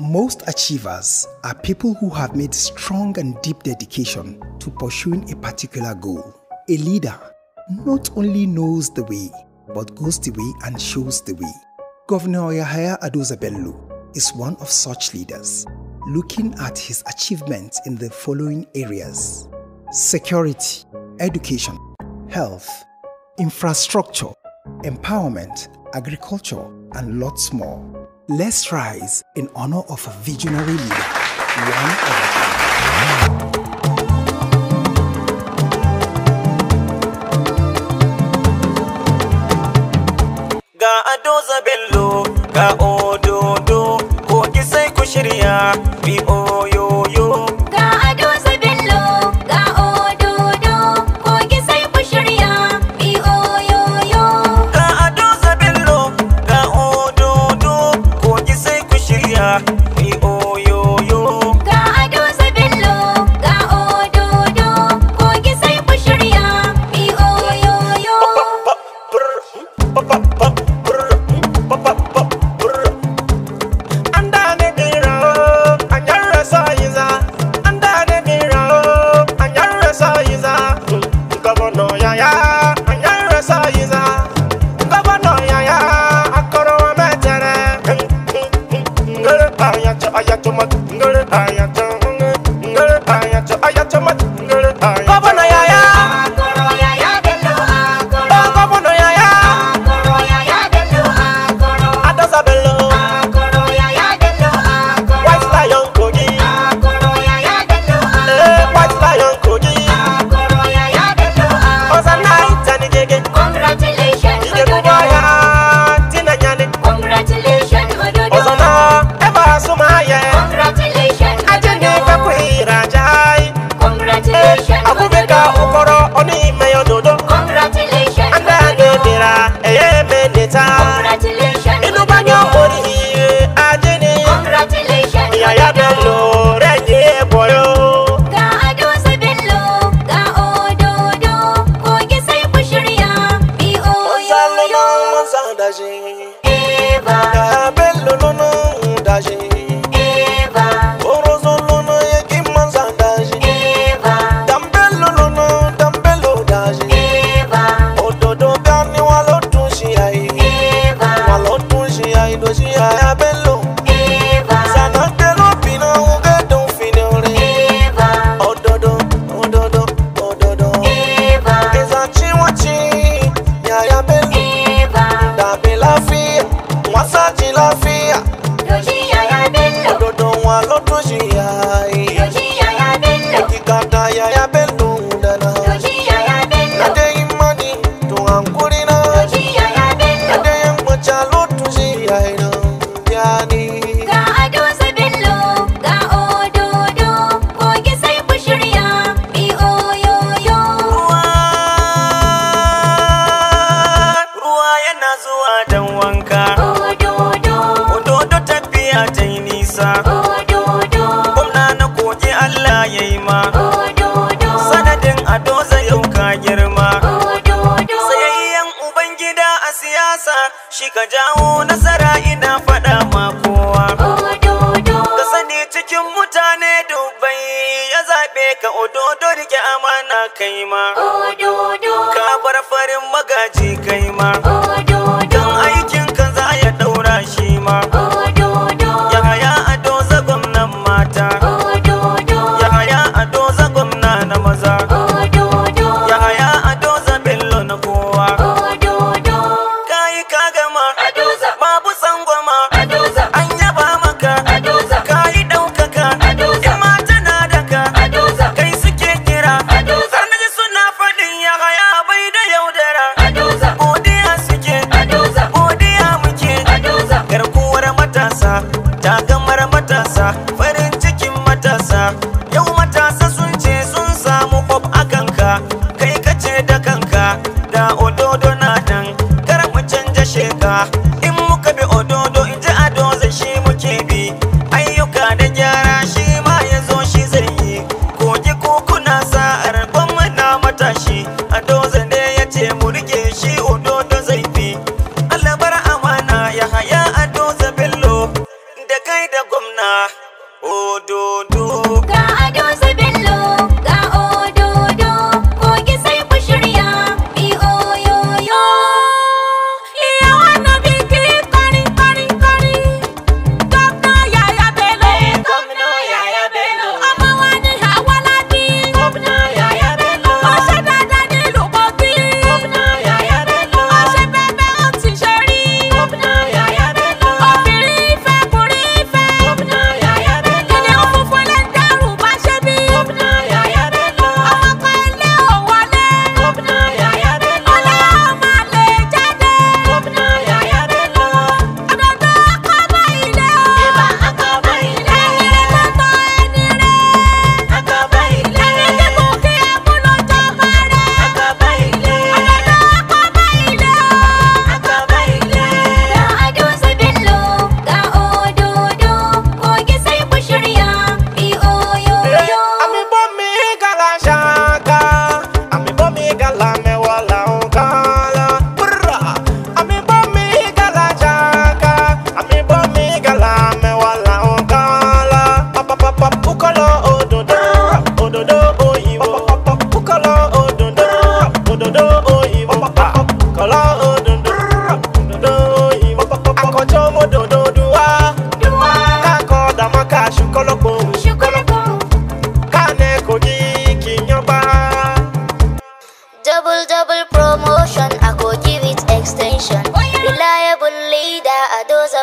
Most achievers are people who have made strong and deep dedication to pursuing a particular goal. A leader not only knows the way, but goes the way and shows the way. Governor Yahaya Adozabello is one of such leaders, looking at his achievements in the following areas security, education, health, infrastructure, empowerment, agriculture, and lots more. Let's rise in honor of a visionary leader, one of Ga ko ku shirya, I am I am na zuwa dan wanka Ododo tafiya ta yi nisa Gwamna na koki Allah ya yi ma Sanadin ado zai ka girma Sayayyen Ubangida a siyasa shi ka jawo nasara ina faɗa ma kowa Ka sani cikin mutane dubbai, ya zaɓe ka ododo rike amana kai ma Ka bar farin magaji ododo in ji ado zai shi muke bi ayyuka da gyara shi ma ya zo shi zai yi koki sa a ban mana matashi ado zai ne ya ce mu rike shi ododo zai fi alabar amana ya haya ado zai bello da kai da gwamna ododo Ka ado bello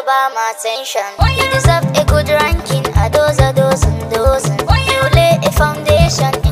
my attention You deserve a good ranking, a dozen, a dozen, dozen You lay a foundation